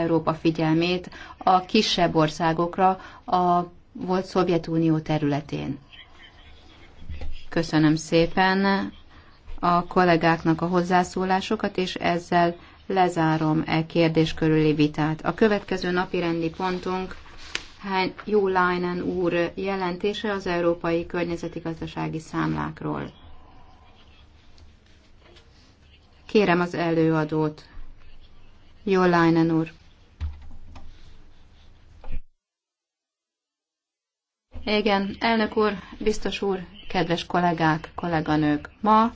Európa figyelmét a kisebb országokra a volt Szovjetunió területén. Köszönöm szépen a kollégáknak a hozzászólásokat, és ezzel lezárom e kérdés körüli vitát. A következő napi rendi pontunk Jó Leinen úr jelentése az európai környezeti gazdasági számlákról. Kérem az előadót. Jó Leinen úr. Igen, elnök úr, biztos úr, kedves kollégák, kolléganők, ma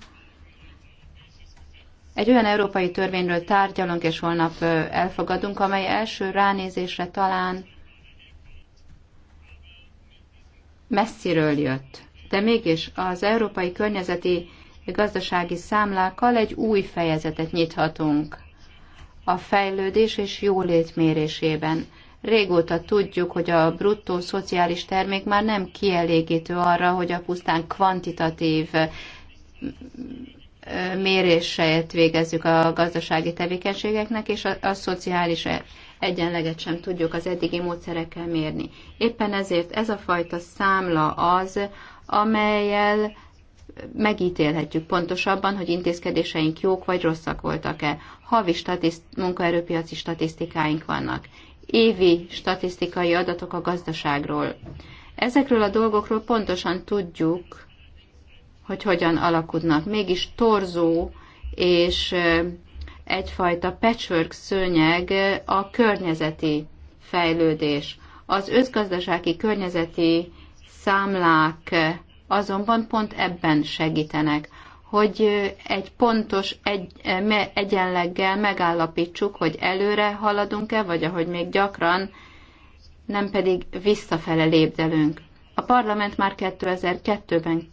egy olyan európai törvényről tárgyalunk, és holnap elfogadunk, amely első ránézésre talán messziről jött, de mégis az európai környezeti gazdasági számlákkal egy új fejezetet nyithatunk a fejlődés és jólét mérésében. Régóta tudjuk, hogy a bruttó szociális termék már nem kielégítő arra, hogy a pusztán kvantitatív méréseit végezzük a gazdasági tevékenységeknek, és a, a szociális egyenleget sem tudjuk az eddigi módszerekkel mérni. Éppen ezért ez a fajta számla az, amelyel megítélhetjük pontosabban, hogy intézkedéseink jók vagy rosszak voltak-e. Havi statiszt- munkaerőpiaci statisztikáink vannak évi statisztikai adatok a gazdaságról. Ezekről a dolgokról pontosan tudjuk, hogy hogyan alakulnak. Mégis torzó és egyfajta patchwork szőnyeg a környezeti fejlődés. Az összgazdasági környezeti számlák azonban pont ebben segítenek hogy egy pontos egy, egyenleggel megállapítsuk, hogy előre haladunk-e, vagy ahogy még gyakran, nem pedig visszafele lépdelünk. A parlament már 2002-ben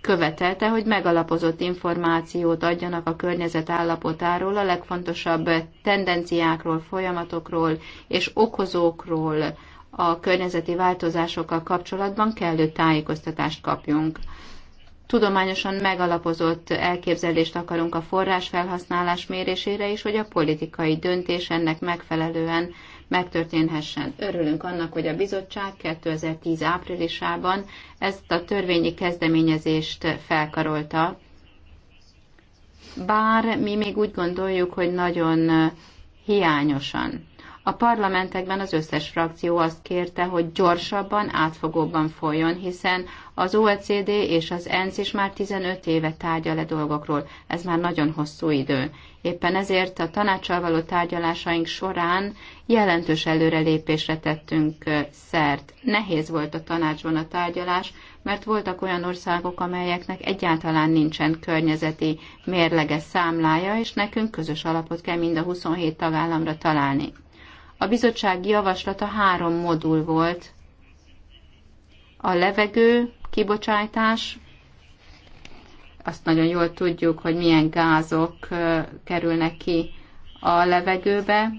követelte, hogy megalapozott információt adjanak a környezet állapotáról, a legfontosabb tendenciákról, folyamatokról és okozókról a környezeti változásokkal kapcsolatban kellő tájékoztatást kapjunk tudományosan megalapozott elképzelést akarunk a forrásfelhasználás mérésére is, hogy a politikai döntés ennek megfelelően megtörténhessen. Örülünk annak, hogy a bizottság 2010 áprilisában ezt a törvényi kezdeményezést felkarolta. Bár mi még úgy gondoljuk, hogy nagyon hiányosan. A parlamentekben az összes frakció azt kérte, hogy gyorsabban, átfogóbban folyjon, hiszen az OECD és az ENSZ is már 15 éve tárgyal le dolgokról. Ez már nagyon hosszú idő. Éppen ezért a tanácssal való tárgyalásaink során jelentős előrelépésre tettünk szert. Nehéz volt a tanácsban a tárgyalás, mert voltak olyan országok, amelyeknek egyáltalán nincsen környezeti mérlege számlája, és nekünk közös alapot kell mind a 27 tagállamra találni. A bizottsági javaslata három modul volt. A levegő, kibocsátás, azt nagyon jól tudjuk, hogy milyen gázok kerülnek ki a levegőbe,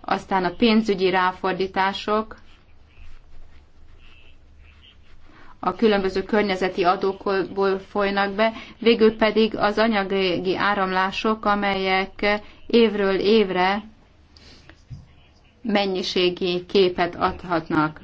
aztán a pénzügyi ráfordítások, a különböző környezeti adókból folynak be, végül pedig az anyagi áramlások, amelyek évről évre mennyiségi képet adhatnak.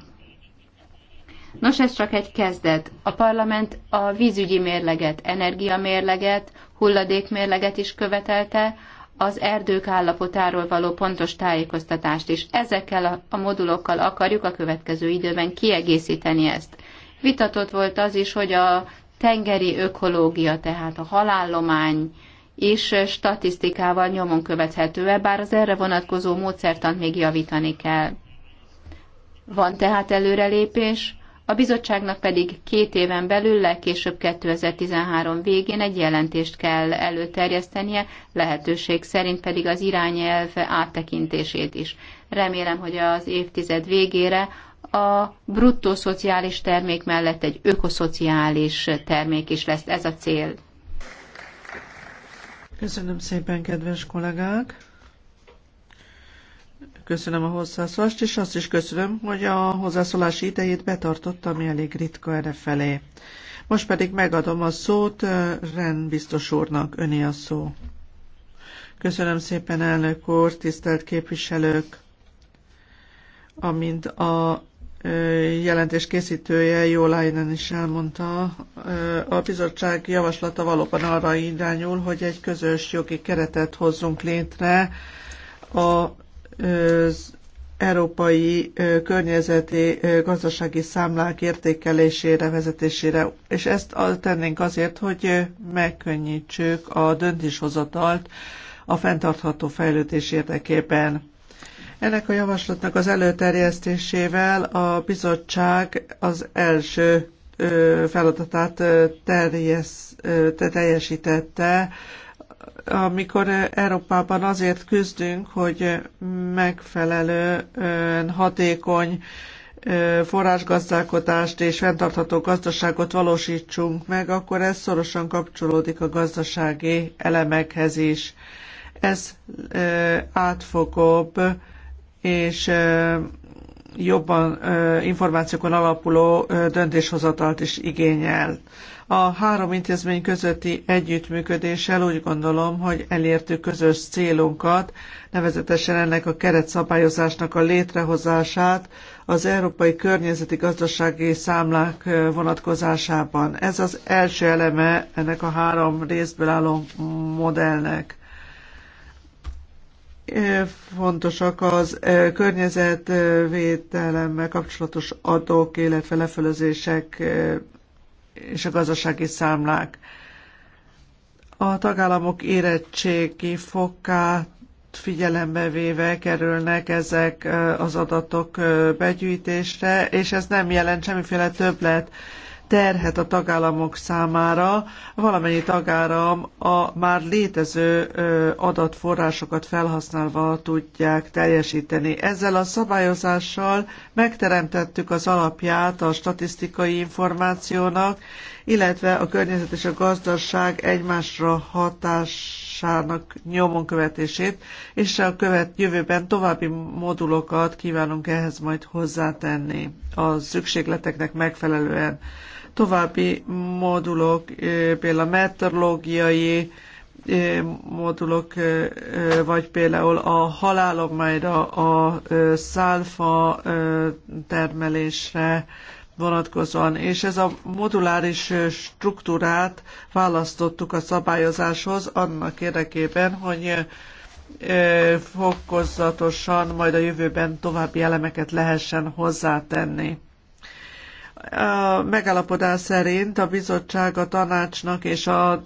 Nos, ez csak egy kezdet. A parlament a vízügyi mérleget, energiamérleget, hulladékmérleget is követelte, az erdők állapotáról való pontos tájékoztatást is. Ezekkel a modulokkal akarjuk a következő időben kiegészíteni ezt. Vitatott volt az is, hogy a tengeri ökológia, tehát a halállomány, és statisztikával nyomon követhető-e, bár az erre vonatkozó módszertant még javítani kell. Van tehát előrelépés, a bizottságnak pedig két éven belül, legkésőbb 2013 végén egy jelentést kell előterjesztenie, lehetőség szerint pedig az irányelv áttekintését is. Remélem, hogy az évtized végére a bruttó szociális termék mellett egy ökoszociális termék is lesz. Ez a cél. Köszönöm szépen, kedves kollégák! Köszönöm a hozzászólást, és azt is köszönöm, hogy a hozzászólási idejét betartotta, ami elég ritka erre felé. Most pedig megadom a szót Ren biztos úrnak, öné a szó. Köszönöm szépen, elnök úr, tisztelt képviselők! Amint a jelentés készítője, Jó Lájnen is elmondta, a bizottság javaslata valóban arra irányul, hogy egy közös jogi keretet hozzunk létre az európai környezeti gazdasági számlák értékelésére, vezetésére, és ezt tennénk azért, hogy megkönnyítsük a döntéshozatalt a fenntartható fejlődés érdekében ennek a javaslatnak az előterjesztésével a bizottság az első feladatát terjesz, teljesítette, amikor Európában azért küzdünk, hogy megfelelően hatékony forrásgazdálkodást és fenntartható gazdaságot valósítsunk meg, akkor ez szorosan kapcsolódik a gazdasági elemekhez is. Ez átfogóbb és jobban információkon alapuló döntéshozatalt is igényel. A három intézmény közötti együttműködéssel úgy gondolom, hogy elértük közös célunkat, nevezetesen ennek a keretszabályozásnak a létrehozását az európai környezeti gazdasági számlák vonatkozásában. Ez az első eleme ennek a három részből álló modellnek fontosak az környezetvédelemmel kapcsolatos adók, illetve lefölözések és a gazdasági számlák. A tagállamok érettségi fokát figyelembe véve kerülnek ezek az adatok begyűjtésre, és ez nem jelent semmiféle többlet terhet a tagállamok számára, valamennyi tagállam a már létező adatforrásokat felhasználva tudják teljesíteni. Ezzel a szabályozással megteremtettük az alapját a statisztikai információnak, illetve a környezet és a gazdaság egymásra hatás hatásának nyomon követését, és a követ jövőben további modulokat kívánunk ehhez majd hozzátenni a szükségleteknek megfelelően további modulok, például meteorológiai modulok, vagy például a halálományra, a szálfa termelésre vonatkozóan, és ez a moduláris struktúrát választottuk a szabályozáshoz annak érdekében, hogy fokozatosan majd a jövőben további elemeket lehessen hozzátenni. A megállapodás szerint a bizottság a tanácsnak és a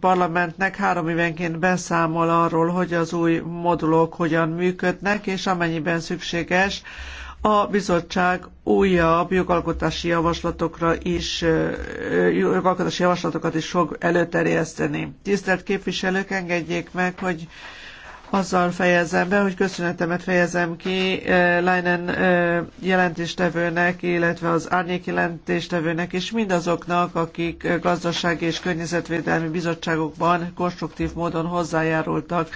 parlamentnek három évenként beszámol arról, hogy az új modulok hogyan működnek, és amennyiben szükséges, a bizottság újabb jogalkotási javaslatokra is, jogalkotási javaslatokat is fog előterjeszteni. Tisztelt képviselők, engedjék meg, hogy azzal fejezem be, hogy köszönetemet fejezem ki eh, Leinen eh, jelentéstevőnek, illetve az árnyék jelentéstevőnek, és mindazoknak, akik eh, gazdasági és környezetvédelmi bizottságokban konstruktív módon hozzájárultak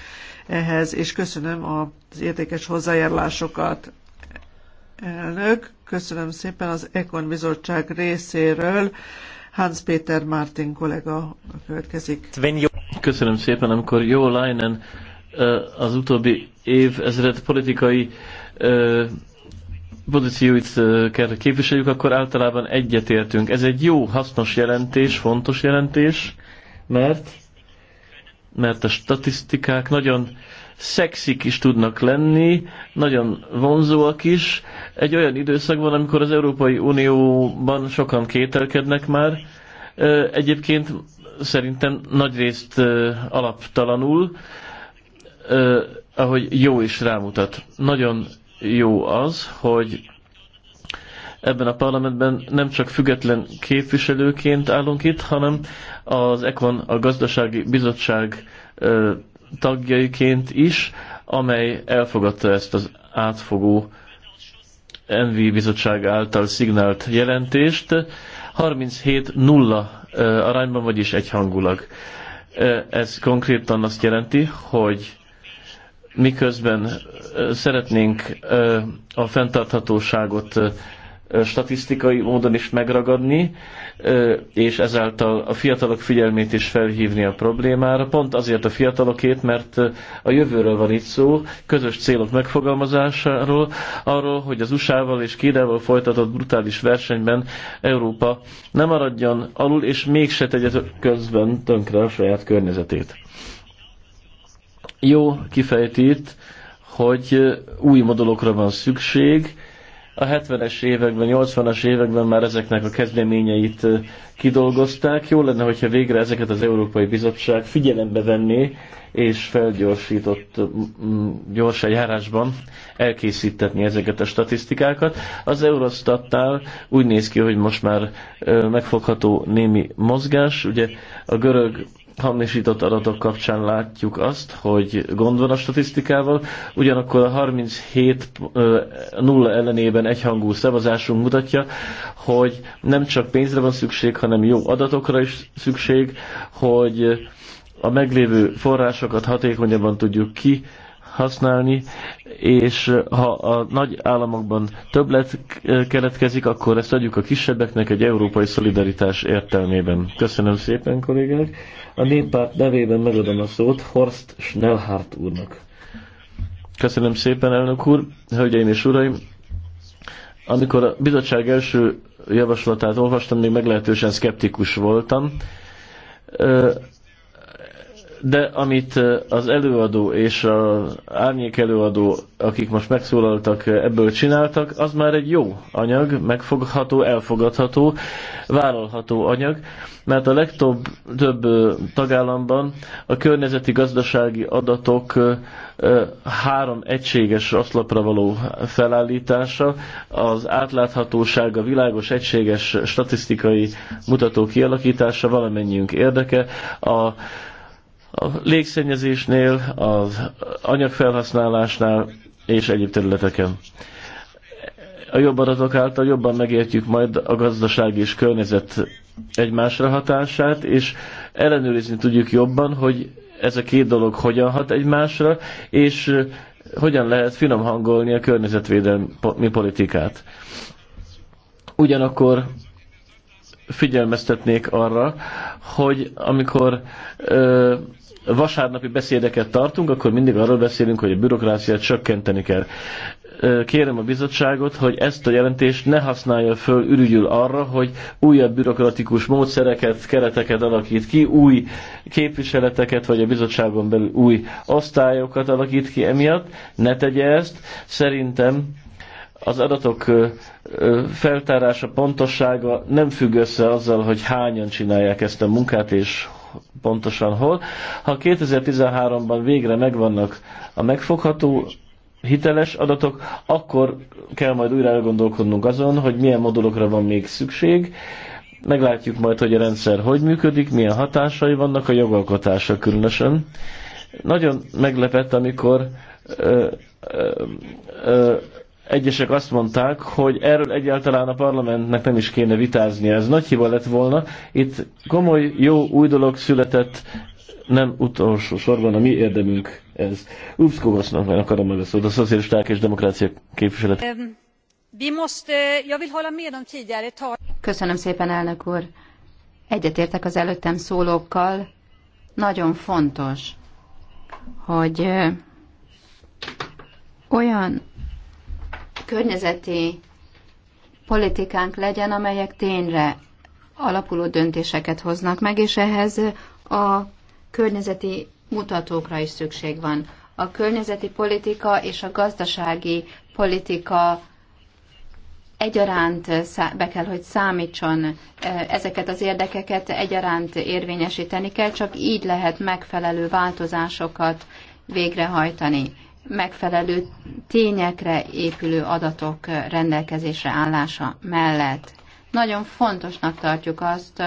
ehhez, és köszönöm az értékes hozzájárulásokat. Elnök, köszönöm szépen az Ekon Bizottság részéről. Hans Péter Martin kollega következik. Köszönöm szépen, amikor jó Leinen az utóbbi év ezred politikai pozícióit kell képviseljük, akkor általában egyetértünk. Ez egy jó, hasznos jelentés, fontos jelentés, mert mert a statisztikák nagyon szexik is tudnak lenni, nagyon vonzóak is. Egy olyan időszak van amikor az Európai Unióban sokan kételkednek már, egyébként szerintem nagyrészt alaptalanul, eh, ahogy jó is rámutat. Nagyon jó az, hogy ebben a parlamentben nem csak független képviselőként állunk itt, hanem az ECON, a gazdasági bizottság eh, tagjaiként is, amely elfogadta ezt az átfogó NV bizottság által szignált jelentést 37-0 arányban, vagyis egyhangulag. Ez konkrétan azt jelenti, hogy miközben szeretnénk a fenntarthatóságot statisztikai módon is megragadni, és ezáltal a fiatalok figyelmét is felhívni a problémára. Pont azért a fiatalokét, mert a jövőről van itt szó, közös célok megfogalmazásáról, arról, hogy az USA-val és Kínával folytatott brutális versenyben Európa nem maradjon alul, és mégse tegye közben tönkre a saját környezetét jó kifejti itt, hogy új modulokra van szükség. A 70-es években, 80-as években már ezeknek a kezdeményeit kidolgozták. Jó lenne, hogyha végre ezeket az Európai Bizottság figyelembe venné, és felgyorsított gyors eljárásban elkészítetni ezeket a statisztikákat. Az Eurostatnál úgy néz ki, hogy most már megfogható némi mozgás. Ugye a görög hamisított adatok kapcsán látjuk azt, hogy gond van a statisztikával, ugyanakkor a 37 nulla ellenében egyhangú szavazásunk mutatja, hogy nem csak pénzre van szükség, hanem jó adatokra is szükség, hogy a meglévő forrásokat hatékonyabban tudjuk ki használni, és ha a nagy államokban többlet keletkezik, akkor ezt adjuk a kisebbeknek egy európai szolidaritás értelmében. Köszönöm szépen, kollégák! A néppárt nevében megadom a szót Horst Schnellhardt úrnak. Köszönöm szépen, elnök úr, hölgyeim és uraim! Amikor a bizottság első javaslatát olvastam, még meglehetősen szkeptikus voltam de amit az előadó és az árnyék előadó, akik most megszólaltak, ebből csináltak, az már egy jó anyag, megfogható, elfogadható, vállalható anyag, mert a legtöbb több tagállamban a környezeti gazdasági adatok három egységes oszlopra való felállítása, az átláthatósága, világos egységes statisztikai mutatók kialakítása valamennyiünk érdeke, a a légszennyezésnél, az anyagfelhasználásnál és egyéb területeken. A jobb adatok által jobban megértjük majd a gazdaság és környezet egymásra hatását, és ellenőrizni tudjuk jobban, hogy ez a két dolog hogyan hat egymásra, és hogyan lehet finom hangolni a környezetvédelmi politikát. Ugyanakkor figyelmeztetnék arra, hogy amikor ö, vasárnapi beszédeket tartunk, akkor mindig arról beszélünk, hogy a bürokráciát csökkenteni kell. Kérem a bizottságot, hogy ezt a jelentést ne használja föl ürügyül arra, hogy újabb bürokratikus módszereket, kereteket alakít ki, új képviseleteket, vagy a bizottságon belül új osztályokat alakít ki emiatt. Ne tegye ezt. Szerintem az adatok feltárása, pontossága nem függ össze azzal, hogy hányan csinálják ezt a munkát, és pontosan hol. Ha 2013-ban végre megvannak a megfogható hiteles adatok, akkor kell majd újra elgondolkodnunk azon, hogy milyen modulokra van még szükség. Meglátjuk majd, hogy a rendszer hogy működik, milyen hatásai vannak a jogalkotásra különösen. Nagyon meglepett, amikor ö, ö, ö, egyesek azt mondták, hogy erről egyáltalán a parlamentnek nem is kéne vitáznia. Ez nagy hiba lett volna. Itt komoly, jó, új dolog született, nem utolsó sorban a mi érdemünk ez. Ups, Kogosznak mert akarom meg a szocialisták és demokrácia képviselet. Köszönöm szépen, elnök úr. Egyetértek az előttem szólókkal. Nagyon fontos, hogy olyan környezeti politikánk legyen, amelyek tényre alapuló döntéseket hoznak meg, és ehhez a környezeti mutatókra is szükség van. A környezeti politika és a gazdasági politika egyaránt be kell, hogy számítson, e, ezeket az érdekeket egyaránt érvényesíteni kell, csak így lehet megfelelő változásokat végrehajtani, megfelelő tényekre épülő adatok rendelkezésre állása mellett. Nagyon fontosnak tartjuk azt,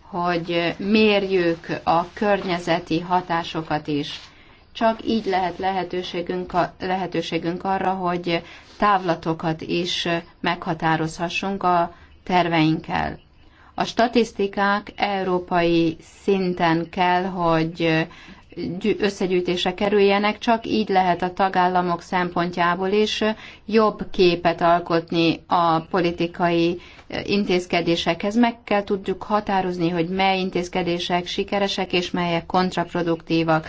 hogy mérjük a környezeti hatásokat is. Csak így lehet lehetőségünk, lehetőségünk arra, hogy távlatokat is meghatározhassunk a terveinkkel. A statisztikák európai szinten kell, hogy összegyűjtésre kerüljenek, csak így lehet a tagállamok szempontjából is jobb képet alkotni a politikai eh, intézkedésekhez. Meg kell tudjuk határozni, hogy mely intézkedések sikeresek és melyek kontraproduktívak.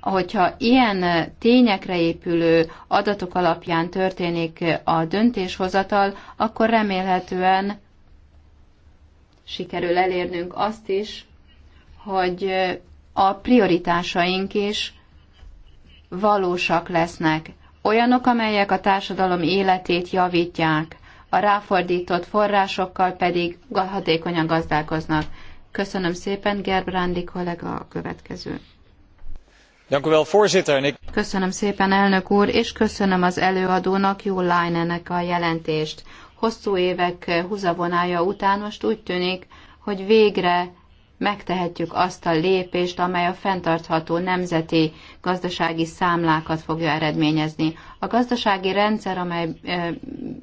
Hogyha ilyen eh, tényekre épülő adatok alapján történik eh, a döntéshozatal, akkor remélhetően sikerül elérnünk azt is, hogy a prioritásaink is valósak lesznek. Olyanok, amelyek a társadalom életét javítják, a ráfordított forrásokkal pedig hatékonyan gazdálkoznak. Köszönöm szépen, Gerbrandi kollega a következő. Köszönöm szépen, elnök úr, és köszönöm az előadónak, Jó Lájnenek a jelentést. Hosszú évek húzavonája után most úgy tűnik, hogy végre megtehetjük azt a lépést, amely a fenntartható nemzeti gazdasági számlákat fogja eredményezni. A gazdasági rendszer, amely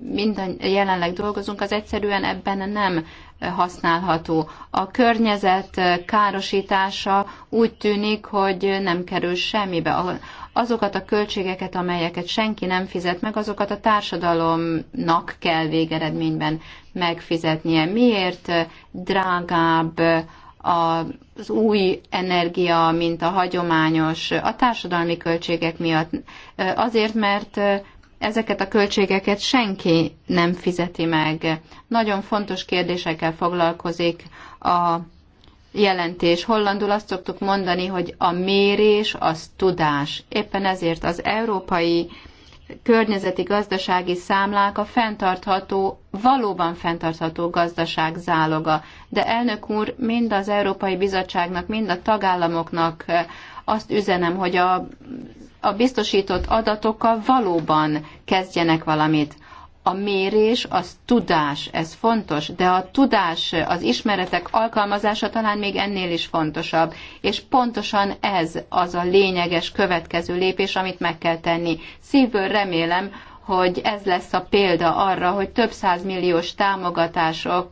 minden jelenleg dolgozunk, az egyszerűen ebben nem használható. A környezet károsítása úgy tűnik, hogy nem kerül semmibe. Azokat a költségeket, amelyeket senki nem fizet meg, azokat a társadalomnak kell végeredményben megfizetnie. Miért drágább az új energia, mint a hagyományos, a társadalmi költségek miatt. Azért, mert ezeket a költségeket senki nem fizeti meg. Nagyon fontos kérdésekkel foglalkozik a jelentés. Hollandul azt szoktuk mondani, hogy a mérés az tudás. Éppen ezért az európai környezeti gazdasági számlák a fenntartható, valóban fenntartható gazdaság záloga. De elnök úr, mind az Európai Bizottságnak, mind a tagállamoknak eh, azt üzenem, hogy a, a biztosított adatokkal valóban kezdjenek valamit a mérés az tudás, ez fontos, de a tudás, az ismeretek alkalmazása talán még ennél is fontosabb, és pontosan ez az a lényeges következő lépés, amit meg kell tenni. Szívből remélem, hogy ez lesz a példa arra, hogy több százmilliós támogatások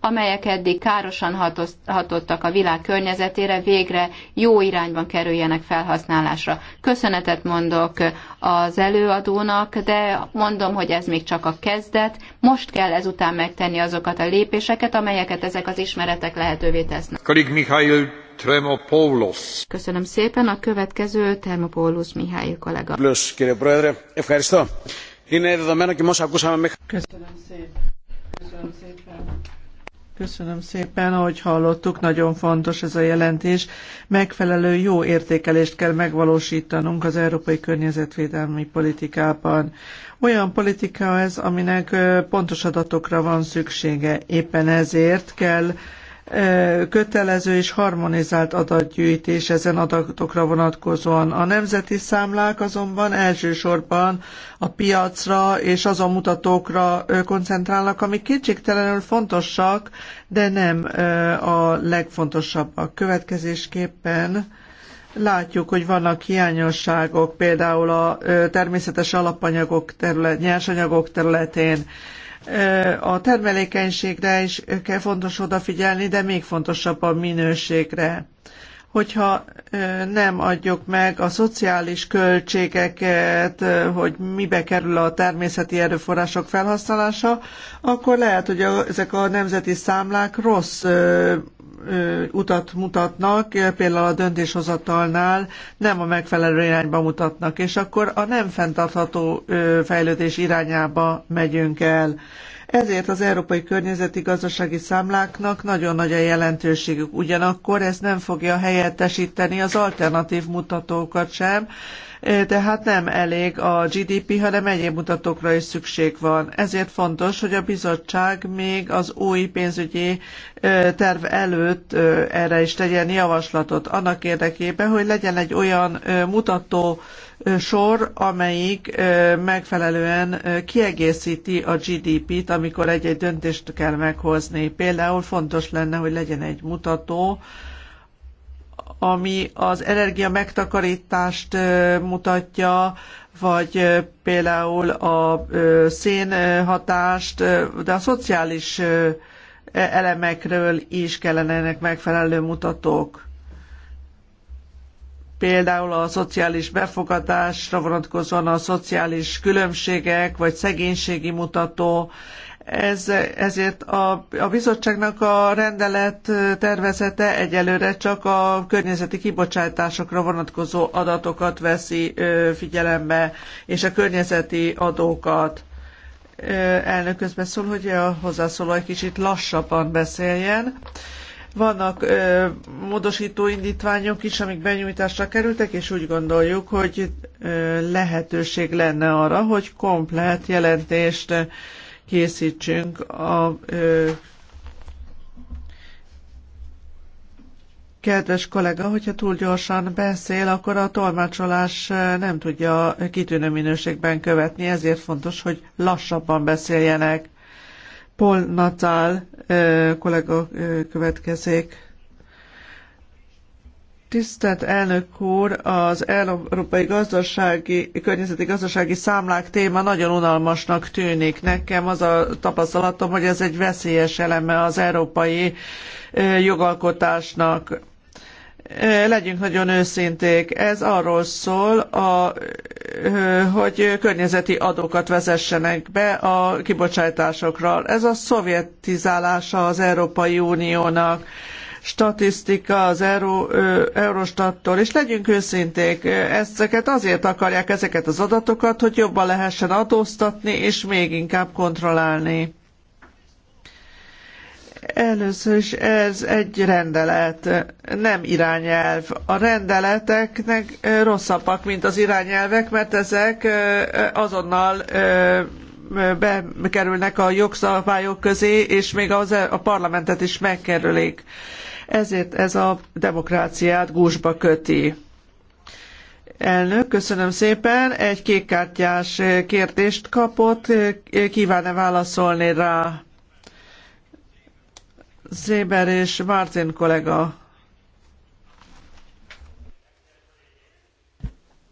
amelyek eddig károsan hatottak a világ környezetére, végre jó irányban kerüljenek felhasználásra. Köszönetet mondok az előadónak, de mondom, hogy ez még csak a kezdet. Most kell ezután megtenni azokat a lépéseket, amelyeket ezek az ismeretek lehetővé tesznek. Mihály Tremopoulos. Köszönöm szépen. A következő Termopoulos Mihály kollega. Köszönöm szépen. Köszönöm szépen. Köszönöm szépen, ahogy hallottuk, nagyon fontos ez a jelentés. Megfelelő jó értékelést kell megvalósítanunk az európai környezetvédelmi politikában. Olyan politika ez, aminek pontos adatokra van szüksége. Éppen ezért kell kötelező és harmonizált adatgyűjtés ezen adatokra vonatkozóan. A nemzeti számlák azonban elsősorban a piacra és azon mutatókra koncentrálnak, amik kétségtelenül fontosak, de nem a legfontosabbak. Következésképpen Látjuk, hogy vannak hiányosságok, például a természetes alapanyagok terület, nyersanyagok területén a termelékenységre is kell fontos odafigyelni, de még fontosabb a minőségre. Hogyha nem adjuk meg a szociális költségeket, hogy mibe kerül a természeti erőforrások felhasználása, akkor lehet, hogy ezek a nemzeti számlák rossz utat mutatnak, például a döntéshozatalnál nem a megfelelő irányba mutatnak, és akkor a nem fenntartható fejlődés irányába megyünk el. Ezért az európai környezeti gazdasági számláknak nagyon nagy a jelentőségük. Ugyanakkor ez nem fogja helyettesíteni az alternatív mutatókat sem, tehát nem elég a GDP, hanem egyéb mutatókra is szükség van. Ezért fontos, hogy a bizottság még az új pénzügyi terv előtt erre is tegyen javaslatot, annak érdekében, hogy legyen egy olyan mutató sor, amelyik megfelelően kiegészíti a GDP-t, amikor egy-egy döntést kell meghozni. Például fontos lenne, hogy legyen egy mutató, ami az energia megtakarítást mutatja, vagy például a szénhatást, de a szociális e, elemekről is ennek megfelelő mutatók például a szociális befogadásra vonatkozóan a szociális különbségek, vagy szegénységi mutató, ez, ezért a, a bizottságnak a rendelet tervezete egyelőre csak a környezeti kibocsátásokra vonatkozó adatokat veszi figyelembe, és a környezeti adókat. Elnök közben szól, hogy a hozzászóló egy kicsit lassabban beszéljen. Vannak ö, módosító indítványok is, amik benyújtásra kerültek, és úgy gondoljuk, hogy ö, lehetőség lenne arra, hogy komplet jelentést készítsünk a ö, Kedves kollega, hogyha túl gyorsan beszél, akkor a tolmácsolás nem tudja kitűnő minőségben követni, ezért fontos, hogy lassabban beszéljenek. Paul Natal kollega következik. Tisztelt elnök úr, az európai gazdasági, környezeti gazdasági számlák téma nagyon unalmasnak tűnik. Nekem az a tapasztalatom, hogy ez egy veszélyes eleme az európai jogalkotásnak. Legyünk nagyon őszinték. Ez arról szól, a, hogy környezeti adókat vezessenek be a kibocsátásokra. Ez a szovjetizálása az Európai Uniónak statisztika az Euró Eurostattól, és legyünk őszinték, ezeket azért akarják ezeket az adatokat, hogy jobban lehessen adóztatni, és még inkább kontrollálni. Először is ez egy rendelet, nem irányelv. A rendeleteknek rosszabbak, mint az irányelvek, mert ezek azonnal bekerülnek a jogszabályok közé, és még az, e- a parlamentet is megkerülik. Ezért ez a demokráciát gúzsba köti. Elnök, köszönöm szépen. Egy kékkártyás kérdést kapott. Kíván-e válaszolni rá? Zéber és Martin kollega.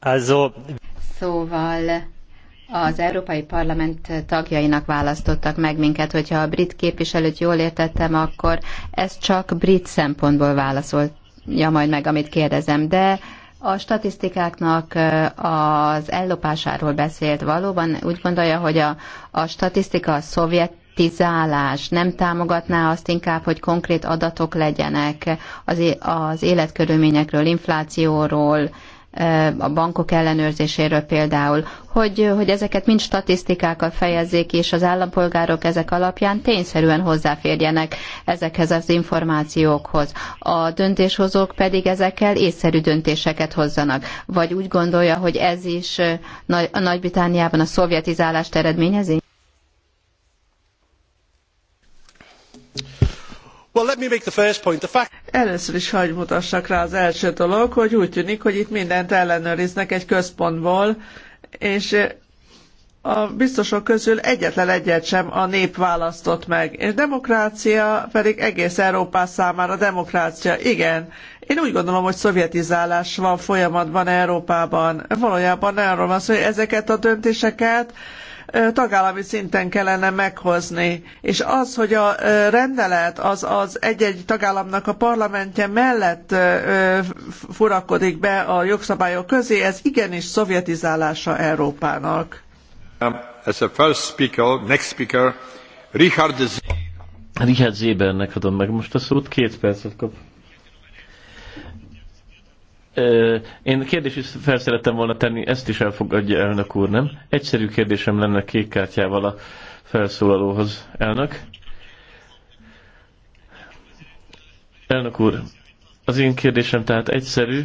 Also. Szóval az Európai Parlament tagjainak választottak meg minket, hogyha a brit képviselőt jól értettem, akkor ez csak brit szempontból válaszolja majd meg, amit kérdezem. De a statisztikáknak az ellopásáról beszélt valóban. Úgy gondolja, hogy a, a statisztika a szovjet privatizálás, nem támogatná azt inkább, hogy konkrét adatok legyenek az, az életkörülményekről, inflációról, a bankok ellenőrzéséről például, hogy, hogy ezeket mind statisztikákkal fejezzék, és az állampolgárok ezek alapján tényszerűen hozzáférjenek ezekhez az információkhoz. A döntéshozók pedig ezekkel észszerű döntéseket hozzanak. Vagy úgy gondolja, hogy ez is eh, a Nagy-Britániában a szovjetizálást eredményezi? Először is hagy mutassak rá az első dolog, hogy úgy tűnik, hogy itt mindent ellenőriznek egy központból, és a biztosok közül egyetlen egyet sem a nép választott meg. És demokrácia pedig egész Európa számára demokrácia. Igen, én úgy gondolom, hogy szovjetizálás van folyamatban Európában. Valójában arról van szó, hogy ezeket a döntéseket tagállami szinten kellene meghozni. És az, hogy a rendelet az, az egy-egy tagállamnak a parlamentje mellett furakodik be a jogszabályok közé, ez igenis szovjetizálása Európának. Um, as a first speaker, next speaker, Richard, Z Richard Zébernek adom meg most a szót, két percet kap. Én kérdés is fel szerettem volna tenni, ezt is elfogadja elnök úr, nem? Egyszerű kérdésem lenne kék kártyával a felszólalóhoz, elnök. Elnök úr, az én kérdésem tehát egyszerű.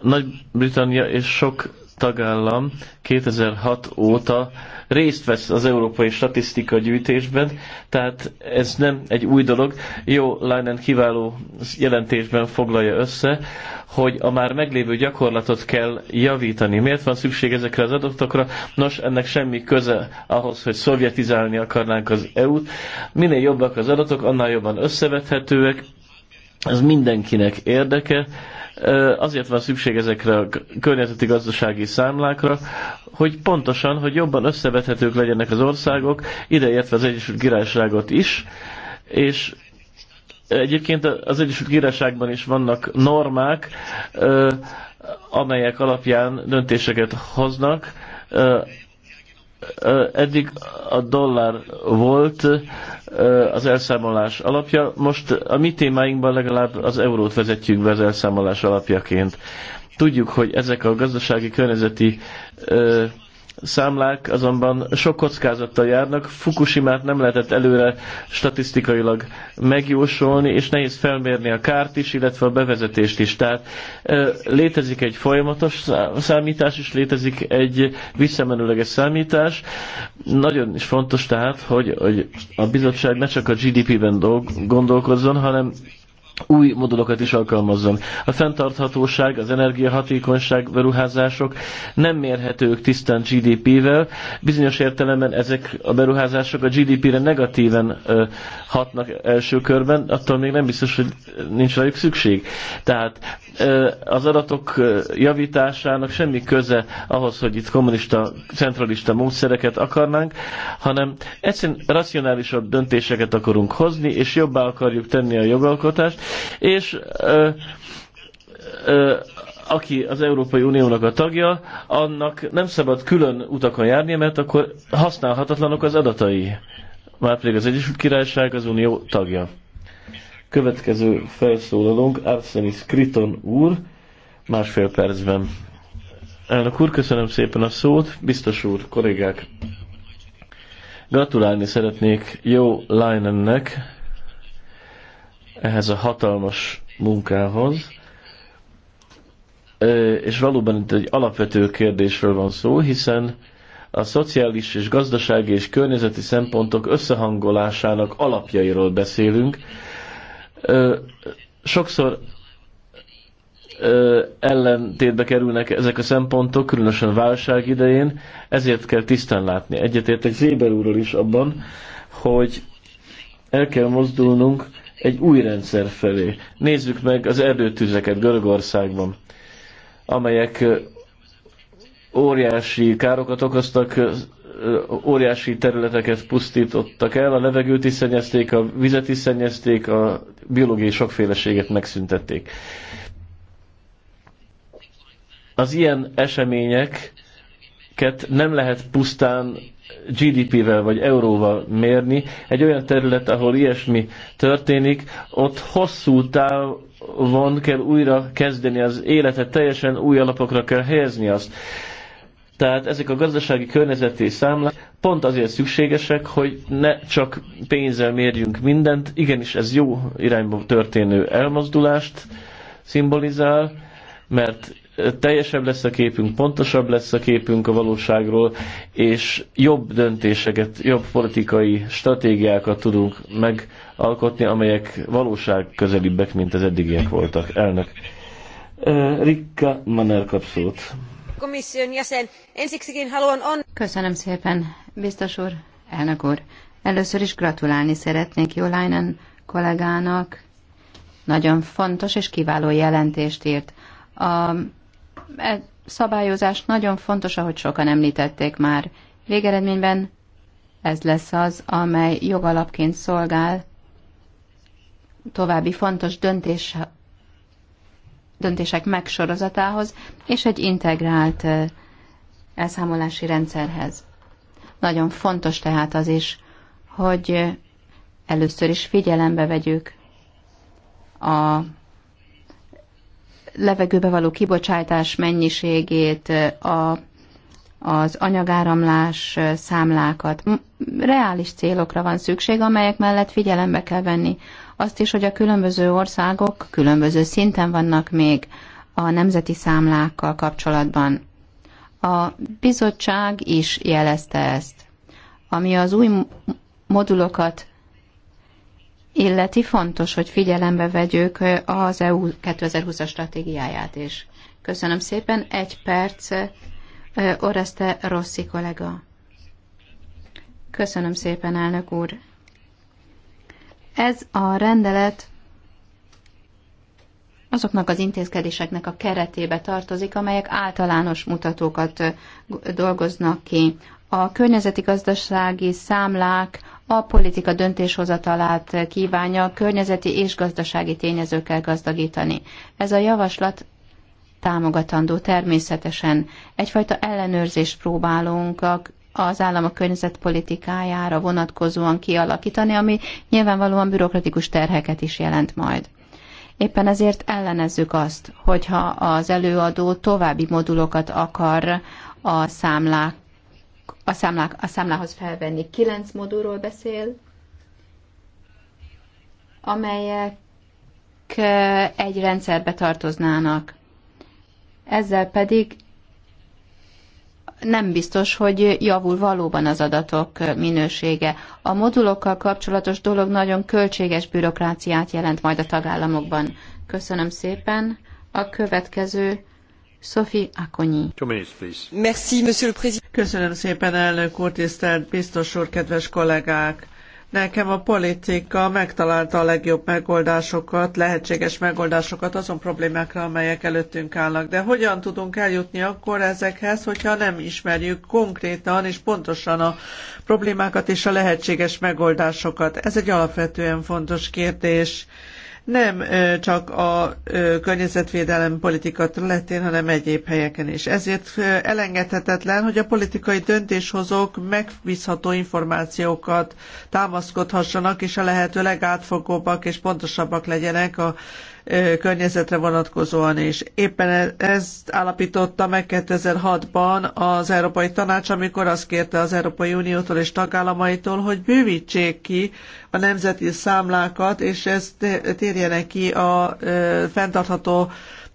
Nagy-Britannia és sok tagállam 2006 óta részt vesz az európai statisztika gyűjtésben, tehát ez nem egy új dolog. Jó Leinen kiváló jelentésben foglalja össze, hogy a már meglévő gyakorlatot kell javítani. Miért van szükség ezekre az adatokra? Nos, ennek semmi köze ahhoz, hogy szovjetizálni akarnánk az EU-t. Minél jobbak az adatok, annál jobban összevethetőek. Ez mindenkinek érdeke Azért van szükség ezekre a környezeti gazdasági számlákra, hogy pontosan, hogy jobban összevethetők legyenek az országok, ideértve az Egyesült Királyságot is, és egyébként az Egyesült Királyságban is vannak normák, amelyek alapján döntéseket hoznak, eddig a dollár volt az elszámolás alapja, most a mi témáinkban legalább az eurót vezetjük be az elszámolás alapjaként. Tudjuk, hogy ezek a gazdasági környezeti számlák azonban sok kockázattal járnak, fukushima nem lehetett előre statisztikailag megjósolni, és nehéz felmérni a kárt is, illetve a bevezetést is. Tehát létezik egy folyamatos számítás, és létezik egy visszamenőleges számítás. Nagyon is fontos tehát, hogy, hogy a bizottság ne csak a GDP-ben gondolkozzon, hanem új modulokat is alkalmazzon. A fenntarthatóság, az energiahatékonyság beruházások nem mérhetők tisztán GDP-vel. Bizonyos értelemben ezek a beruházások a GDP-re negatíven ö, hatnak első körben, attól még nem biztos, hogy nincs rájuk szükség. Tehát ö, az adatok javításának semmi köze ahhoz, hogy itt kommunista, centralista módszereket akarnánk, hanem egyszerűen racionálisabb döntéseket akarunk hozni, és jobbá akarjuk tenni a jogalkotást, és ö, ö, aki az Európai Uniónak a tagja, annak nem szabad külön utakon járni, mert akkor használhatatlanok az adatai. Már pedig az Egyesült Királyság az Unió tagja. Következő felszólalónk Arsenis Kriton úr, másfél percben. Elnök úr, köszönöm szépen a szót, biztos úr, kollégák. Gratulálni szeretnék jó Leinennek, ehhez a hatalmas munkához, és valóban itt egy alapvető kérdésről van szó, hiszen a szociális és gazdasági és környezeti szempontok összehangolásának alapjairól beszélünk. Sokszor ellentétbe kerülnek ezek a szempontok, különösen válság idején, ezért kell tisztán látni. Egyetértek Zéber úrral is abban, hogy el kell mozdulnunk egy új rendszer felé. Nézzük meg az erdőtüzeket Görögországban, amelyek óriási károkat okoztak, óriási területeket pusztítottak el, a levegőt is szennyezték, a vizet is szennyezték, a biológiai sokféleséget megszüntették. Az ilyen eseményeket nem lehet pusztán GDP-vel vagy euróval mérni. Egy olyan terület, ahol ilyesmi történik, ott hosszú távon kell újra kezdeni az életet, teljesen új alapokra kell helyezni azt. Tehát ezek a gazdasági környezeti számlák pont azért szükségesek, hogy ne csak pénzzel mérjünk mindent, igenis ez jó irányba történő elmozdulást szimbolizál, mert teljesebb lesz a képünk, pontosabb lesz a képünk a valóságról, és jobb döntéseket, jobb politikai stratégiákat tudunk megalkotni, amelyek valóság közelibbek, mint az eddigiek voltak. Elnök. Rikka Manner kap szót. Köszönöm szépen, biztos úr, elnök úr. Először is gratulálni szeretnék Jolainen kollégának. Nagyon fontos és kiváló jelentést írt a ez szabályozás nagyon fontos, ahogy sokan említették már. Végeredményben ez lesz az, amely jogalapként szolgál további fontos döntés, döntések megsorozatához és egy integrált e, elszámolási rendszerhez. Nagyon fontos tehát az is, hogy először is figyelembe vegyük a levegőbe való kibocsátás mennyiségét, a, az anyagáramlás számlákat. Reális célokra van szükség, amelyek mellett figyelembe kell venni azt is, hogy a különböző országok különböző szinten vannak még a nemzeti számlákkal kapcsolatban. A bizottság is jelezte ezt, ami az új modulokat illeti, fontos, hogy figyelembe vegyük az EU 2020-as stratégiáját is. Köszönöm szépen. Egy perc, Oreste Rossi kollega. Köszönöm szépen, elnök úr. Ez a rendelet azoknak az intézkedéseknek a keretébe tartozik, amelyek általános mutatókat dolgoznak ki. A környezeti gazdasági számlák, a politika döntéshozatalát kívánja környezeti és gazdasági tényezőkkel gazdagítani. Ez a javaslat támogatandó természetesen. Egyfajta ellenőrzést próbálunk a az a környezetpolitikájára vonatkozóan kialakítani, ami nyilvánvalóan bürokratikus terheket is jelent majd. Éppen ezért ellenezzük azt, hogyha az előadó további modulokat akar a számlák a, számlá, a számlához felvenni. Kilenc modulról beszél, amelyek egy rendszerbe tartoznának. Ezzel pedig nem biztos, hogy javul valóban az adatok minősége. A modulokkal kapcsolatos dolog nagyon költséges bürokráciát jelent majd a tagállamokban. Köszönöm szépen. A következő Sophie Akonyi. Merci, monsieur le président. Köszönöm szépen, elnök úr, tisztelt biztos úr, kedves kollégák! Nekem a politika megtalálta a legjobb megoldásokat, lehetséges megoldásokat azon problémákra, amelyek előttünk állnak. De hogyan tudunk eljutni akkor ezekhez, hogyha nem ismerjük konkrétan és pontosan a problémákat és a lehetséges megoldásokat? Ez egy alapvetően fontos kérdés nem csak a környezetvédelem politika területén, hanem egyéb helyeken is. Ezért elengedhetetlen, hogy a politikai döntéshozók megbízható információkat támaszkodhassanak, és a lehető legátfogóbbak és pontosabbak legyenek a környezetre vonatkozóan is. Éppen e- ezt állapította meg 2006-ban az Európai Tanács, amikor azt kérte az Európai Uniótól és tagállamaitól, hogy bővítsék ki a nemzeti számlákat, és ezt térjenek ki a fenntartható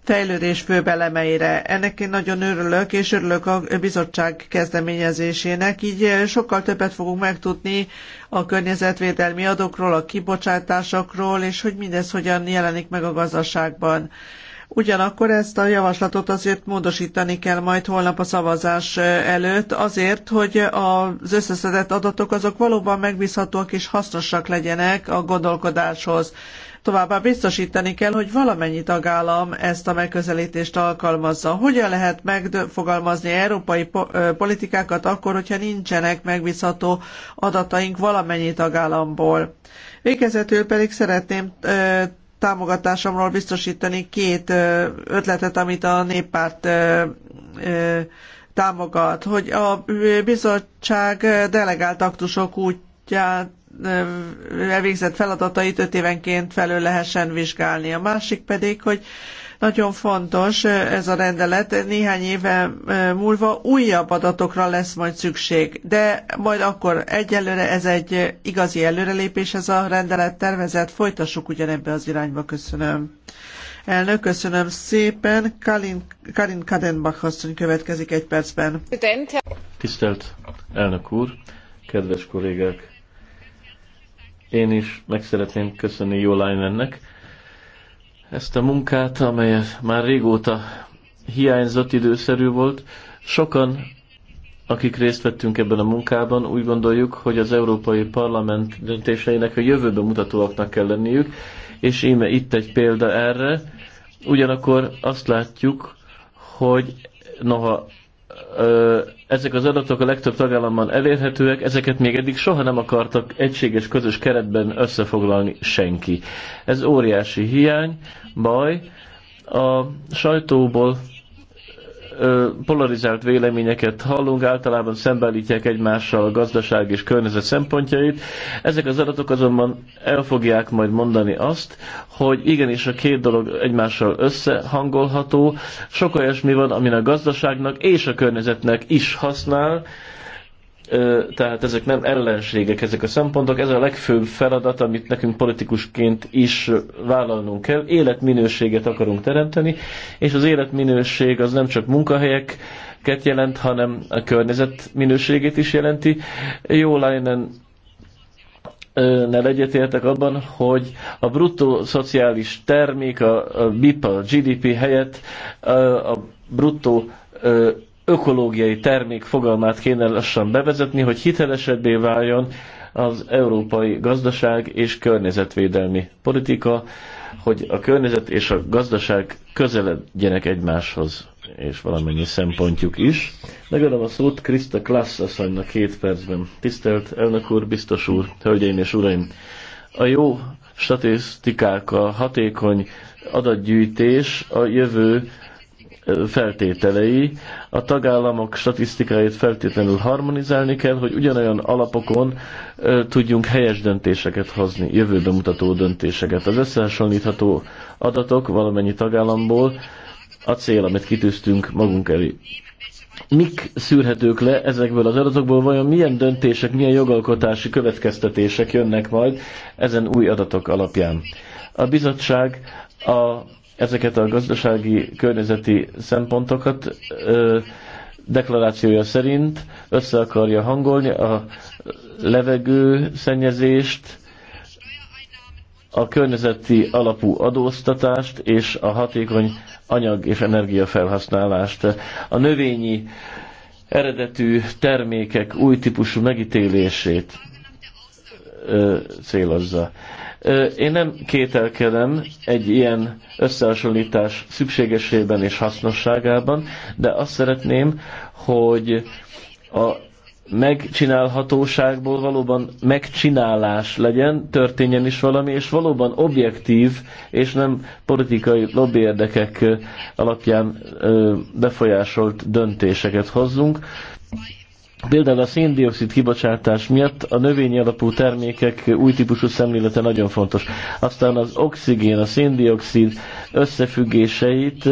fejlődés főbb elemeire. Ennek én nagyon örülök, és örülök a bizottság kezdeményezésének. Így eh, sokkal többet fogunk megtudni a környezetvédelmi adokról, a kibocsátásokról, és hogy mindez hogyan jelenik meg a gazdaságban. Ugyanakkor ezt a javaslatot azért módosítani kell majd holnap a szavazás eh, előtt, azért, hogy az összeszedett adatok azok valóban megbízhatóak és hasznosak legyenek a gondolkodáshoz. Továbbá biztosítani kell, hogy valamennyi tagállam ezt a megközelítést alkalmazza. Hogyan lehet megfogalmazni európai politikákat akkor, hogyha nincsenek megbízható adataink valamennyi tagállamból? Végezetül pedig szeretném támogatásomról biztosítani két ötletet, amit a néppárt támogat, hogy a bizottság delegált aktusok útját elvégzett feladatait öt évenként felül lehessen vizsgálni. A másik pedig, hogy nagyon fontos ez a rendelet, néhány éve múlva újabb adatokra lesz majd szükség, de majd akkor egyelőre ez egy igazi előrelépés, ez a rendelet tervezet, folytassuk ugyanebbe az irányba, köszönöm. Elnök, köszönöm szépen. Karin, Karin Kadenbach asszony következik egy percben. Tisztelt elnök úr, kedves kollégák! Én is meg szeretném köszönni Jó Lájnennek ezt a munkát, amely már régóta hiányzott, időszerű volt. Sokan, akik részt vettünk ebben a munkában, úgy gondoljuk, hogy az Európai Parlament döntéseinek a jövőben mutatóaknak kell lenniük, és íme itt egy példa erre. Ugyanakkor azt látjuk, hogy noha ezek az adatok a legtöbb tagállamban elérhetőek, ezeket még eddig soha nem akartak egységes, közös keretben összefoglalni senki. Ez óriási hiány, baj. A sajtóból polarizált véleményeket hallunk, általában szembeállítják egymással a gazdaság és környezet szempontjait. Ezek az adatok azonban el fogják majd mondani azt, hogy igenis a két dolog egymással összehangolható, sok olyasmi van, amin a gazdaságnak és a környezetnek is használ, tehát ezek nem ellenségek, ezek a szempontok. Ez a legfőbb feladat, amit nekünk politikusként is vállalnunk kell. Életminőséget akarunk teremteni, és az életminőség az nem csak munkahelyek Ket jelent, hanem a környezet minőségét is jelenti. Jó Leinen ne legyetértek abban, hogy a bruttó szociális termék, a, a BIP, a GDP helyett a, a bruttó ökológiai termék fogalmát kéne lassan bevezetni, hogy hitelesebbé váljon az európai gazdaság és környezetvédelmi politika, hogy a környezet és a gazdaság közeledjenek egymáshoz, és valamennyi szempontjuk is. Megadom a szót Krista Klassz asszonynak két percben. Tisztelt elnök úr, biztos úr, hölgyeim és uraim! A jó statisztikák, a hatékony adatgyűjtés a jövő feltételei. A tagállamok statisztikáit feltétlenül harmonizálni kell, hogy ugyanolyan alapokon tudjunk helyes döntéseket hozni, jövőbe mutató döntéseket. Az összehasonlítható adatok valamennyi tagállamból a cél, amit kitűztünk magunk elé mik szűrhetők le ezekből az adatokból, vajon milyen döntések, milyen jogalkotási következtetések jönnek majd ezen új adatok alapján. A bizottság a ezeket a gazdasági, környezeti szempontokat ö, deklarációja szerint össze akarja hangolni a levegő szennyezést, a környezeti alapú adóztatást és a hatékony anyag- és energiafelhasználást. A növényi eredetű termékek új típusú megítélését ö, célozza. Én nem kételkedem egy ilyen összehasonlítás szükségesében és hasznosságában, de azt szeretném, hogy a megcsinálhatóságból valóban megcsinálás legyen, történjen is valami, és valóban objektív, és nem politikai lobbyérdekek alapján befolyásolt döntéseket hozzunk. Például a széndiokszid kibocsátás miatt a növényi alapú termékek új típusú szemlélete nagyon fontos. Aztán az oxigén, a széndiokszid összefüggéseit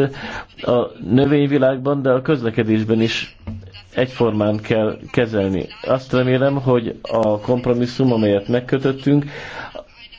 a növényvilágban, de a közlekedésben is egyformán kell kezelni. Azt remélem, hogy a kompromisszum, amelyet megkötöttünk,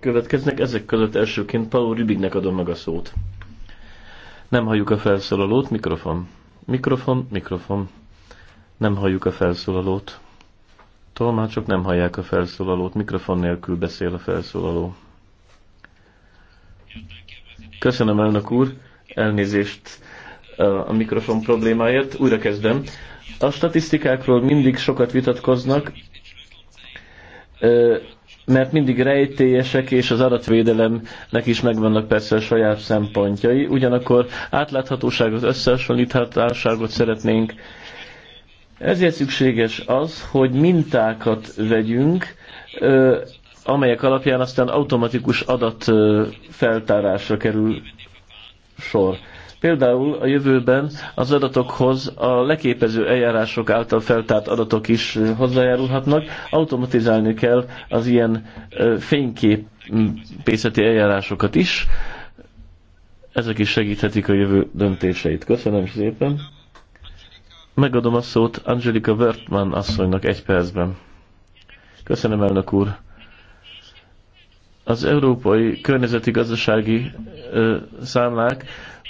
következnek, ezek között elsőként Paul Rübignek adom meg a szót. Nem halljuk a felszólalót, mikrofon. Mikrofon, mikrofon. Nem halljuk a felszólalót. Tolmácsok nem hallják a felszólalót, mikrofon nélkül beszél a felszólaló. Köszönöm, elnök úr, elnézést a mikrofon problémáért. Újra kezdem. A statisztikákról mindig sokat vitatkoznak mert mindig rejtélyesek, és az adatvédelemnek is megvannak persze a saját szempontjai. Ugyanakkor átláthatóságot, összehasonlíthatóságot szeretnénk. Ezért szükséges az, hogy mintákat vegyünk, amelyek alapján aztán automatikus adatfeltárásra kerül sor. Például a jövőben az adatokhoz a leképező eljárások által feltárt adatok is hozzájárulhatnak. Automatizálni kell az ilyen fényképészeti eljárásokat is. Ezek is segíthetik a jövő döntéseit. Köszönöm szépen. Megadom a szót Angelika Wertmann asszonynak egy percben. Köszönöm, elnök úr az európai környezeti gazdasági ö, számlák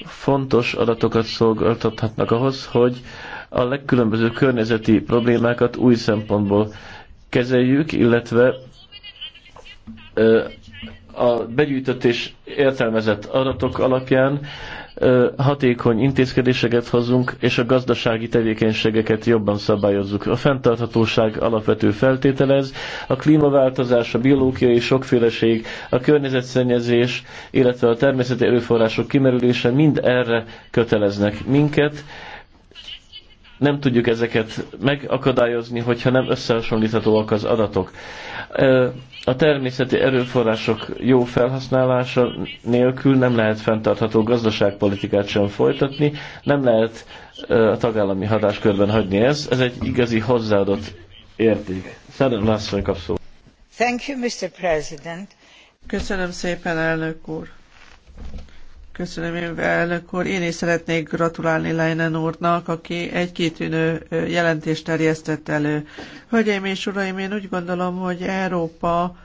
fontos adatokat szolgáltathatnak ahhoz, hogy a legkülönbözőbb környezeti problémákat új szempontból kezeljük, illetve a begyűjtött és értelmezett adatok alapján hatékony intézkedéseket hozunk, és a gazdasági tevékenységeket jobban szabályozzuk. A fenntarthatóság alapvető feltételez, a klímaváltozás, a biológiai sokféleség, a környezetszennyezés, illetve a természeti erőforrások kimerülése mind erre köteleznek minket, nem tudjuk ezeket megakadályozni, hogyha nem összehasonlíthatóak az adatok. A természeti erőforrások jó felhasználása nélkül nem lehet fenntartható gazdaságpolitikát sem folytatni, nem lehet a tagállami hatáskörben hagyni ez. Ez egy igazi hozzáadott érték. Szerintem Lászlói kap szó. Thank you, Mr. President. Köszönöm szépen, elnök úr. Köszönöm, én, elnök úr. Én is szeretnék gratulálni Leinen úrnak, aki egy kitűnő jelentést terjesztett elő. Hölgyeim és uraim, én úgy gondolom, hogy Európa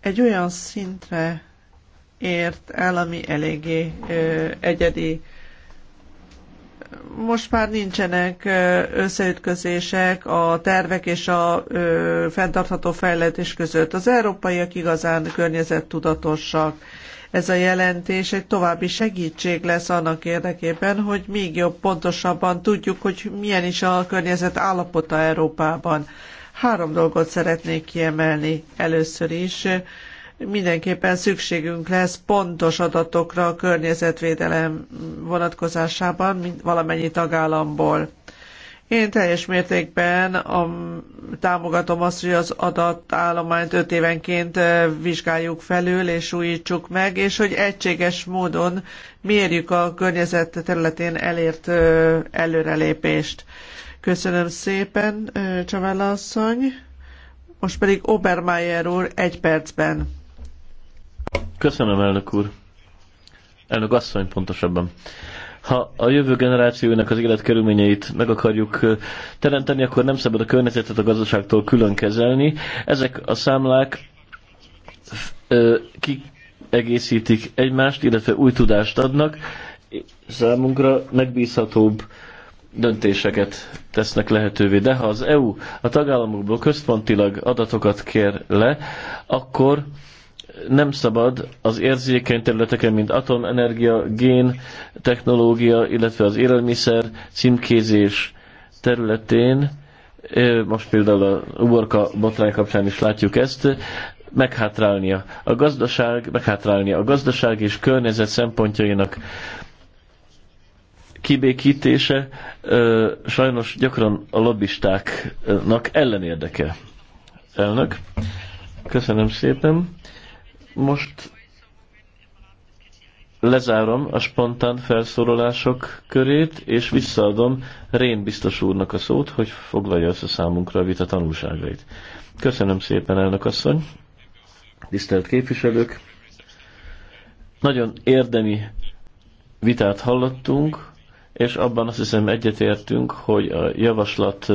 egy olyan szintre ért el, ami eléggé egyedi most már nincsenek összeütközések a tervek és a fenntartható fejlődés között. Az európaiak igazán környezettudatosak. Ez a jelentés egy további segítség lesz annak érdekében, hogy még jobb, pontosabban tudjuk, hogy milyen is a környezet állapota Európában. Három dolgot szeretnék kiemelni először is mindenképpen szükségünk lesz pontos adatokra a környezetvédelem vonatkozásában, mint valamennyi tagállamból. Én teljes mértékben a, támogatom azt, hogy az adatállományt öt évenként vizsgáljuk felül és újítsuk meg, és hogy egységes módon mérjük a környezet területén elért előrelépést. Köszönöm szépen, Csavella asszony. Most pedig Obermeier úr egy percben. Köszönöm, elnök úr. Elnök asszony pontosabban. Ha a jövő generációnak az életkörülményeit meg akarjuk teremteni, akkor nem szabad a környezetet a gazdaságtól külön kezelni. Ezek a számlák kiegészítik egymást, illetve új tudást adnak, számunkra megbízhatóbb döntéseket tesznek lehetővé. De ha az EU a tagállamokból központilag adatokat kér le, akkor nem szabad az érzékeny területeken, mint atomenergia, gén, technológia, illetve az élelmiszer, címkézés területén, most például a uborka botrány kapcsán is látjuk ezt, meghátrálnia a gazdaság, meghátrálnia a gazdaság és környezet szempontjainak kibékítése sajnos gyakran a lobbistáknak ellenérdeke. Elnök, köszönöm szépen. Most lezárom a spontán felszólalások körét, és visszaadom Rén biztos úrnak a szót, hogy foglalja össze számunkra a vita tanulságait. Köszönöm szépen, elnök asszony, tisztelt képviselők! Nagyon érdemi vitát hallottunk, és abban azt hiszem egyetértünk, hogy a javaslat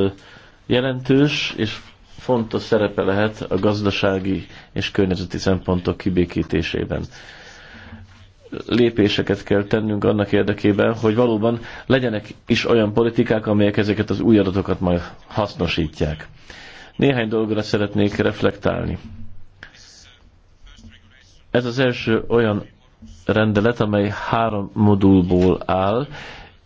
jelentős, és fontos szerepe lehet a gazdasági és környezeti szempontok kibékítésében. Lépéseket kell tennünk annak érdekében, hogy valóban legyenek is olyan politikák, amelyek ezeket az új adatokat majd hasznosítják. Néhány dolgra szeretnék reflektálni. Ez az első olyan rendelet, amely három modulból áll,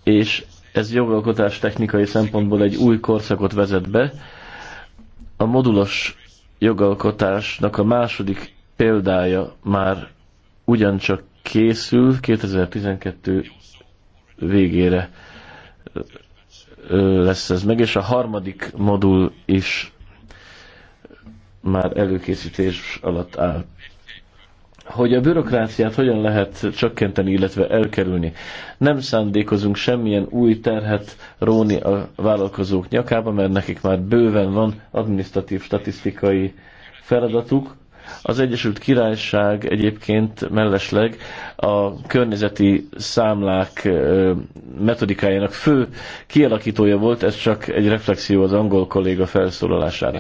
és ez jogalkotás technikai szempontból egy új korszakot vezet be, a modulos jogalkotásnak a második példája már ugyancsak készül 2012 végére lesz ez meg, és a harmadik modul is már előkészítés alatt áll hogy a bürokráciát hogyan lehet csökkenteni, illetve elkerülni. Nem szándékozunk semmilyen új terhet róni a vállalkozók nyakába, mert nekik már bőven van administratív statisztikai feladatuk. Az Egyesült Királyság egyébként mellesleg a környezeti számlák metodikájának fő kialakítója volt, ez csak egy reflexió az angol kolléga felszólalására.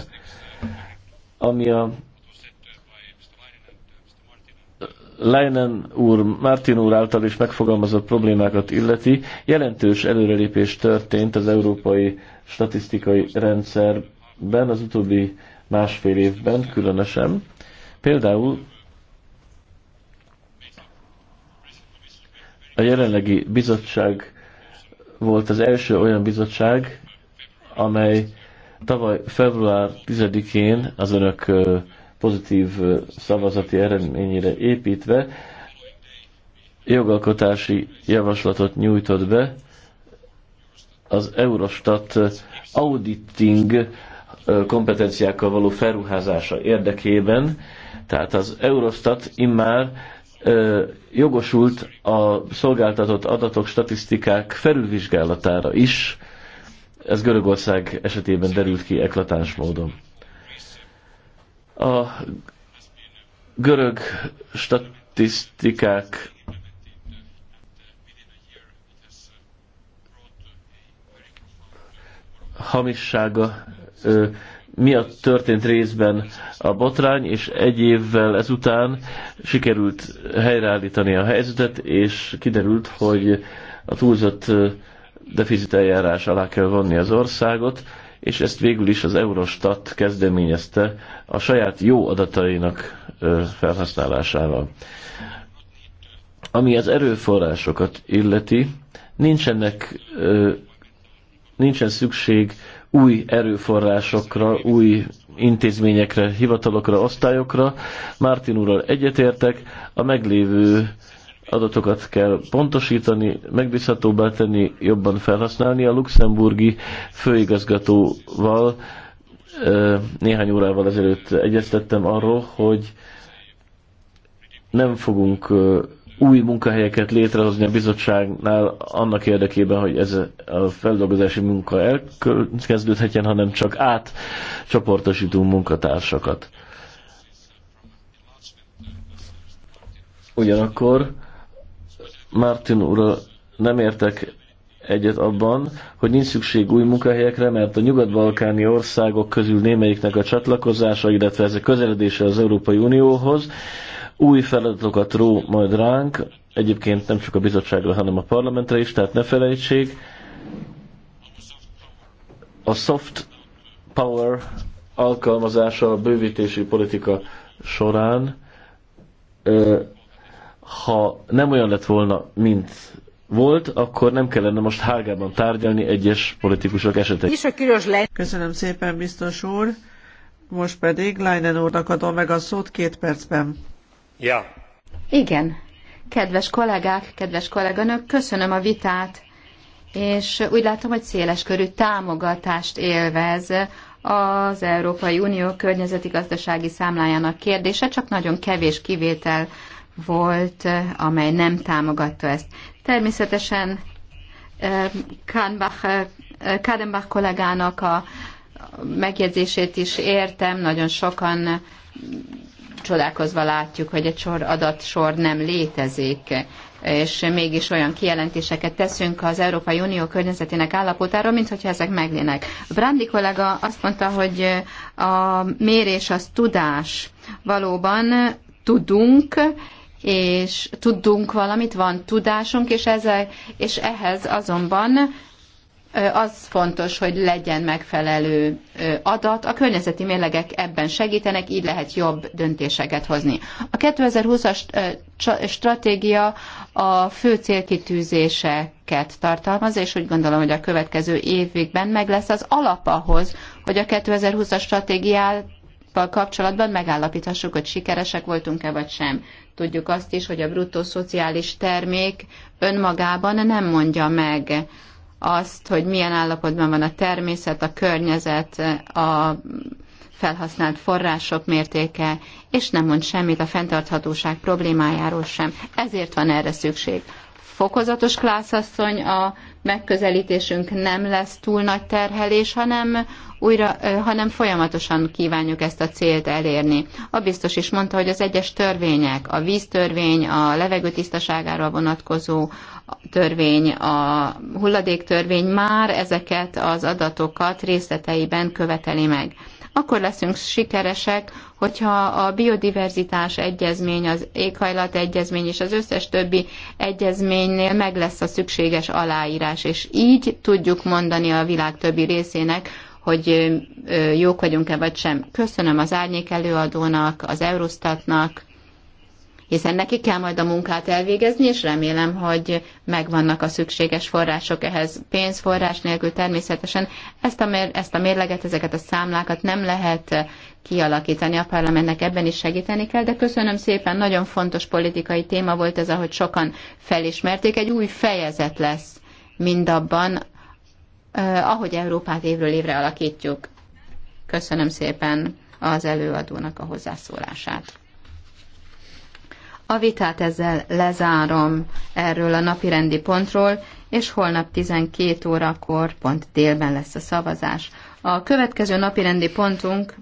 Ami a Leinen úr, Martin úr által is megfogalmazott problémákat illeti, jelentős előrelépés történt az európai statisztikai rendszerben az utóbbi másfél évben különösen. Például a jelenlegi bizottság volt az első olyan bizottság, amely tavaly február 10-én az önök pozitív szavazati eredményére építve jogalkotási javaslatot nyújtott be az Eurostat auditing kompetenciákkal való felruházása érdekében, tehát az Eurostat immár jogosult a szolgáltatott adatok, statisztikák felülvizsgálatára is. Ez Görögország esetében derült ki eklatáns módon. A görög statisztikák hamissága ö, miatt történt részben a botrány, és egy évvel ezután sikerült helyreállítani a helyzetet, és kiderült, hogy a túlzott deficiteljárás alá kell vonni az országot, és ezt végül is az Eurostat kezdeményezte a saját jó adatainak felhasználásával. Ami az erőforrásokat illeti, nincsenek, nincsen szükség új erőforrásokra, új intézményekre, hivatalokra, osztályokra. Mártin úrral egyetértek, a meglévő adatokat kell pontosítani, megbízhatóbbá tenni, jobban felhasználni. A luxemburgi főigazgatóval néhány órával ezelőtt egyeztettem arról, hogy nem fogunk új munkahelyeket létrehozni a bizottságnál annak érdekében, hogy ez a feldolgozási munka elkezdődhetjen, hanem csak átcsoportosítunk munkatársakat. Ugyanakkor Martin ura nem értek egyet abban, hogy nincs szükség új munkahelyekre, mert a nyugat-balkáni országok közül némelyiknek a csatlakozása, illetve ez a közeledése az Európai Unióhoz új feladatokat ró majd ránk, egyébként nem csak a bizottságra, hanem a parlamentre is, tehát ne felejtsék, a soft power alkalmazása a bővítési politika során ö, ha nem olyan lett volna, mint volt, akkor nem kellene most hárgában tárgyalni egyes politikusok esetét. Köszönöm szépen, biztos úr. Most pedig Leinen úrnak adom meg a szót két percben. Ja. Igen. Kedves kollégák, kedves kolléganők, köszönöm a vitát, és úgy látom, hogy széles körű támogatást élvez az Európai Unió környezeti gazdasági számlájának kérdése, csak nagyon kevés kivétel volt, amely nem támogatta ezt. Természetesen Kahnbach, Kadenbach kollégának a megjegyzését is értem, nagyon sokan csodálkozva látjuk, hogy egy sor adatsor nem létezik, és mégis olyan kijelentéseket teszünk az Európai Unió környezetének állapotáról, mint hogyha ezek meglének. Brandi kollega azt mondta, hogy a mérés az tudás. Valóban tudunk, és tudunk valamit, van tudásunk, és, a, és ehhez azonban az fontos, hogy legyen megfelelő adat. A környezeti mérlegek ebben segítenek, így lehet jobb döntéseket hozni. A 2020-as stratégia a fő célkitűzéseket tartalmaz, és úgy gondolom, hogy a következő évigben meg lesz az alap ahhoz, hogy a 2020-as stratégiával kapcsolatban megállapíthassuk, hogy sikeresek voltunk-e vagy sem. Tudjuk azt is, hogy a bruttó szociális termék önmagában nem mondja meg azt, hogy milyen állapotban van a természet, a környezet, a felhasznált források mértéke, és nem mond semmit a fenntarthatóság problémájáról sem. Ezért van erre szükség fokozatos klászasszony, a megközelítésünk nem lesz túl nagy terhelés, hanem, újra, hanem folyamatosan kívánjuk ezt a célt elérni. A biztos is mondta, hogy az egyes törvények, a víztörvény, a levegő tisztaságára vonatkozó törvény, a hulladéktörvény már ezeket az adatokat részleteiben követeli meg. Akkor leszünk sikeresek, hogyha a biodiverzitás egyezmény, az éghajlat egyezmény és az összes többi egyezménynél meg lesz a szükséges aláírás, és így tudjuk mondani a világ többi részének, hogy jók vagyunk-e vagy sem. Köszönöm az árnyék előadónak, az Eurostatnak, hiszen neki kell majd a munkát elvégezni, és remélem, hogy megvannak a szükséges források ehhez. Pénzforrás nélkül természetesen ezt a, mér, ezt a mérleget, ezeket a számlákat nem lehet kialakítani. A parlamentnek ebben is segíteni kell, de köszönöm szépen, nagyon fontos politikai téma volt ez, ahogy sokan felismerték. Egy új fejezet lesz mindabban, ahogy Európát évről évre alakítjuk. Köszönöm szépen az előadónak a hozzászólását. A vitát ezzel lezárom erről a napi rendi pontról, és holnap 12 órakor pont délben lesz a szavazás. A következő napi rendi pontunk